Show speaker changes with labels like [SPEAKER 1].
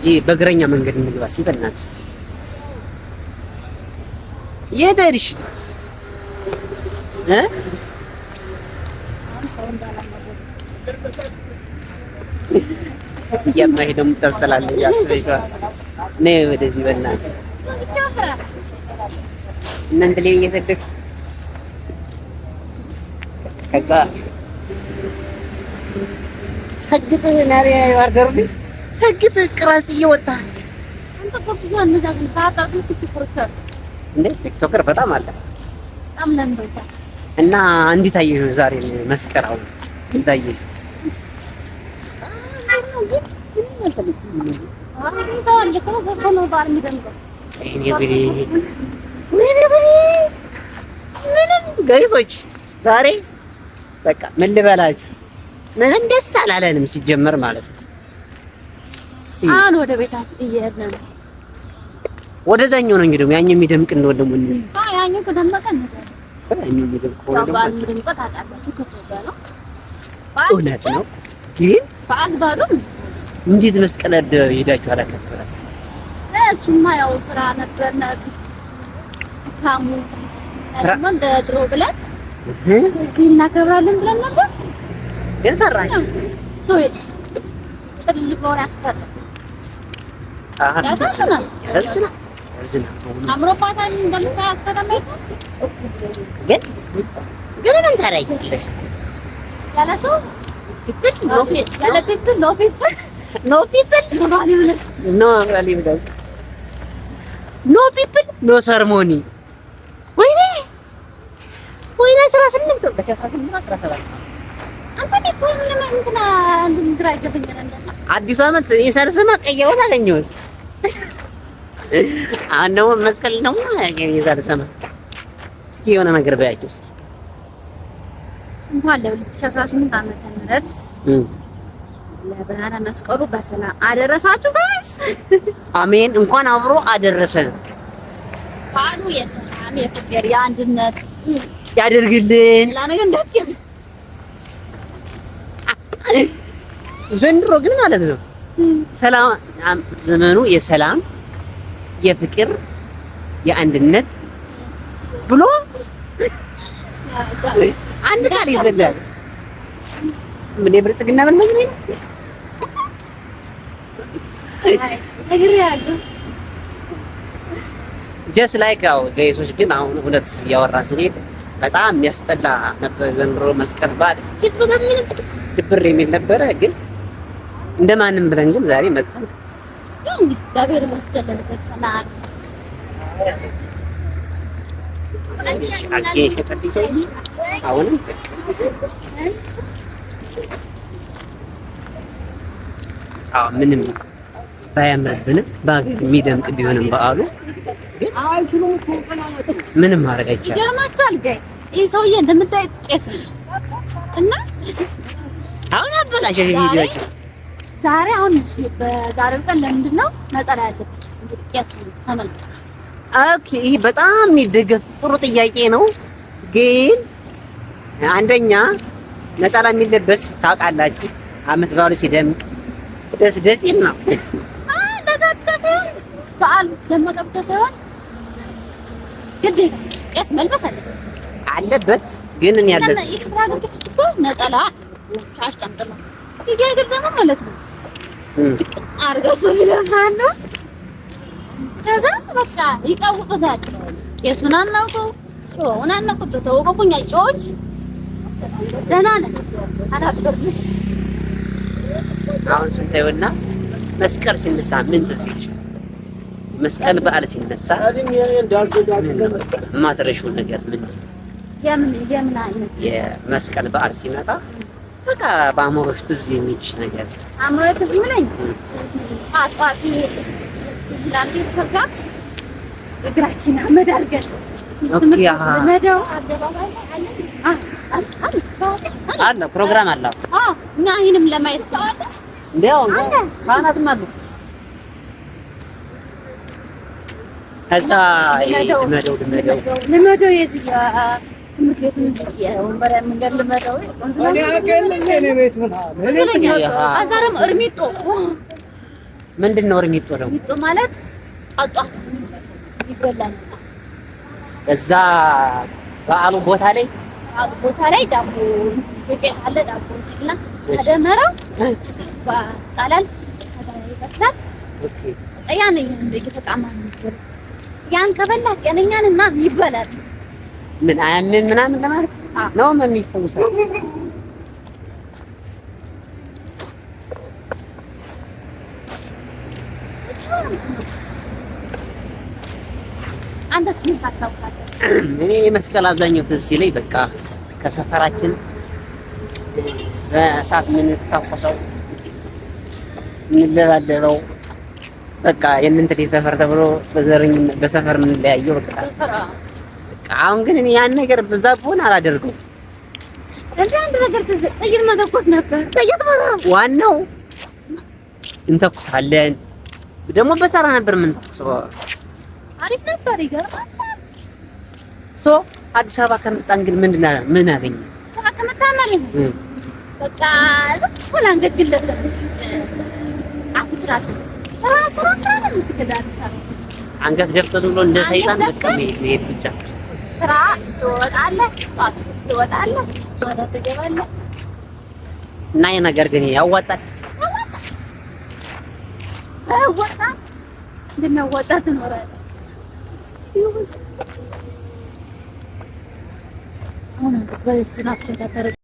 [SPEAKER 1] እዚህ በእግረኛ መንገድ እንግባ። ሲበልናት በእናትህ የት ሄድሽ እ እያማሄ ደግሞ ታስጠላለህ። ያስበኝ ወደዚህ በእናትህ እናንተ ላይ እየሰደድኩ ከዛ ሰግጥህ ናሪያ ዋርደሩልኝ ሰግፍ ቅራስ እየወጣ አንተ ቲክቶከር በጣም አለ እና እንዴት አየህ ዛሬ መስቀራው? እንዴት ምንም ገይሶች ዛሬ በቃ ምን ልበላችሁ፣ ምንም ደስ አላለንም ሲጀመር ማለት ነው።
[SPEAKER 2] አሁን ወደ ቤታ እየሄድን ነው።
[SPEAKER 1] ወደዛኛው ነው እንግዲህ ያኛው የሚደምቅ እንደው ደግሞ እንዴ
[SPEAKER 2] አዎ፣ ያኛው ከደመቀ ነው ያኛው የሚደምቅ ነው። በዓል የሚደምቅ ታውቃላችሁ፣ ከእሱ ጋር ነው።
[SPEAKER 1] እውነት ነው ግን በዓል ባሉ እንዴት መስቀል አደ ሄዳችሁ አላከበራችሁም?
[SPEAKER 2] እሱማ ያው ስራ ነበርና ካሙ ደግሞ እንደ ድሮ ብለን እዚህ እናከብራለን ብለን ነበር ግን ፈራችሁ ተወይ ጭልል ብሎ ያስፈራ ያሳዝናል። አምሮባታል እንደምታያት ከተማይቱ
[SPEAKER 1] ግን ግን ምን ታደርጊያለሽ?
[SPEAKER 2] ያለ ሰው ያለ ፒፕል ኖ ፒፕል ኖ ፒፕል ኖ ባሊ
[SPEAKER 1] ኖ ፒፕል ኖ ሰርሞኒ ወይኔ ወይኔ አስራ ስምንት አስራ ሰባት አዲሱ አመት የሰርሰማ ቀይሮት አገኘሁት። አሁን ደግሞ መስቀል ደግሞ የሰርሰማ እስኪ የሆነ ነገር በያቸው እስኪ
[SPEAKER 2] እንኳን ለ2018 ዓመተ ምህረት ለብርሃነ መስቀሉ በሰላም አደረሳችሁ ጋይስ።
[SPEAKER 1] አሜን። እንኳን አብሮ አደረሰን።
[SPEAKER 2] በዓሉ የሰላም የፍቅር፣ የአንድነት
[SPEAKER 1] ያደርግልን። ሌላ ነገር ዘንድሮ ግን ማለት ነው ሰላም ዘመኑ የሰላም የፍቅር የአንድነት ብሎ አንድ ቃል ይዘላል። ምን የብልጽግና ምን ነው ጀስ ላይክ ያው ገይሶች ግን አሁን እውነት እያወራን ስንሄድ በጣም የሚያስጠላ ነበር ዘንድሮ መስቀል በዓል እጅግ በጣም ብር የሚል ነበረ። ግን እንደማንም ብለን ግን ዛሬ መጥተን
[SPEAKER 2] እግዚአብሔር ይመስገን
[SPEAKER 1] አሁንም ምንም ባያምርብንም በሀገር የሚደምቅ ቢሆንም በዓሉ ምንም ማድረግ አይቻልም።
[SPEAKER 2] ይገርማታል ጋይስ ይህ ሰውዬ እንደምታይ ቄስ ነው እና
[SPEAKER 1] አሁን አበላሽ አበላሸሽ ቪዲዮች።
[SPEAKER 2] ዛሬ አሁን በዛሬው ቀን ለምንድን ነው ነጠላ ያለብሽ? ቄሱ ተመልከት።
[SPEAKER 1] ኦኬ፣ ይሄ በጣም የሚደገፍ ጥሩ ጥያቄ ነው። ግን አንደኛ ነጠላ የሚለበስ ታውቃላችሁ፣ አመት በዓሉ ሲደምቅ ደስ ደስ ይል ነው።
[SPEAKER 2] እንደዛ ሳይሆን በዓሉ ደመቀ ብቻ ሳይሆን ግዴታ ቄስ መልበስ አለበት
[SPEAKER 1] አለበት። ግን እኔ ያለበት
[SPEAKER 2] ነጠላ ሻሽ ጠምጥመው እዚህ ሀገር ደግሞ ማለት ነው አድርገው ሰው ይለብሳሉ። ከዛ በቃ ይቀውጡታል። ቄሱን አናውቀው፣ ጮውን አናውቀው። ተወቀቁኛ ጮዎች ደህና ነን አላበርም።
[SPEAKER 1] አሁን ስንታዩና መስቀል ሲነሳ ምን ትዝ ይልሽ? መስቀል በዓል ሲነሳ ማትረሺው ነገር ምን
[SPEAKER 2] የምን የምን አይነት
[SPEAKER 1] የመስቀል በዓል ሲመጣ በቃ በአእምሮሽ ትዝ የሚልሽ ነገር
[SPEAKER 2] አእምሮ ትዝ የሚለኝ ጧት ጧት ትዝ ይላል። ቤተሰብ ጋር እግራችን አመድ አድርገን መደው አደባባይ
[SPEAKER 1] አለ ፕሮግራም አለ
[SPEAKER 2] እና ይህንም ለማየት ሰው አለ
[SPEAKER 1] እንዲያው ካህናትም አሉ። ከዛ ልመደው ልመደው
[SPEAKER 2] ልመደው የዚህ ትምህርት ቤት አዛረም እርሚጦ
[SPEAKER 1] ምንድን ነው? እርሚጦ ደግሞ
[SPEAKER 2] ማለት ጧጧ ይበላል።
[SPEAKER 1] እዛ በዓሉ ቦታ ላይ
[SPEAKER 2] ቦታ ላይ ዳቦ ዱቄት አለ። ዳቦ እና ከደመራው ይጣላል፣ ያን እየተቃማ ያን ከበላ ጤነኛን ይበላል
[SPEAKER 1] ምን አያምን ምናምን ለማለት ነው የሚፈውሰው።
[SPEAKER 2] አንተስ ምን ታስታውሳለህ?
[SPEAKER 1] እኔ የመስቀል አብዛኛው ትዝ ሲለኝ በቃ ከሰፈራችን በእሳት የምንታኮሰው የምንደላደለው በቃ የምንትል ሰፈር ተብሎ በዘረኝነት በሰፈር የምንለያየው በቃ አሁን ግን እኔ ያን ነገር በዛ ብሆን አላደርገው።
[SPEAKER 2] እንደ አንድ ነገር ጥይት መተኮስ ነበር። ጥይት
[SPEAKER 1] መተኮስ ዋናው እንተኩሳለን። ደግሞ በተራ ነበር የምንተኩሰው።
[SPEAKER 2] አሪፍ ነበር። ይገርማል።
[SPEAKER 1] ሶ አዲስ አበባ ከመጣን ግን ምንድን ምን አገኘ?
[SPEAKER 2] በቃ ዝም ብላ እንገድለት አትጥራት ስራ ስራ ስራ ነው የምትገዳ አዲስ
[SPEAKER 1] አበባ አንገት ደፍቶ ዝም ብሎ እንደ ሰይጣን በቃ መሄድ ብቻ
[SPEAKER 2] ስራ ትወጣለህ፣ ትወጣለህ፣ ማታ ትገባለህ
[SPEAKER 1] እና ይሄ ነገር ግን ያዋጣል
[SPEAKER 2] ያዋጣል ትኖራለህ።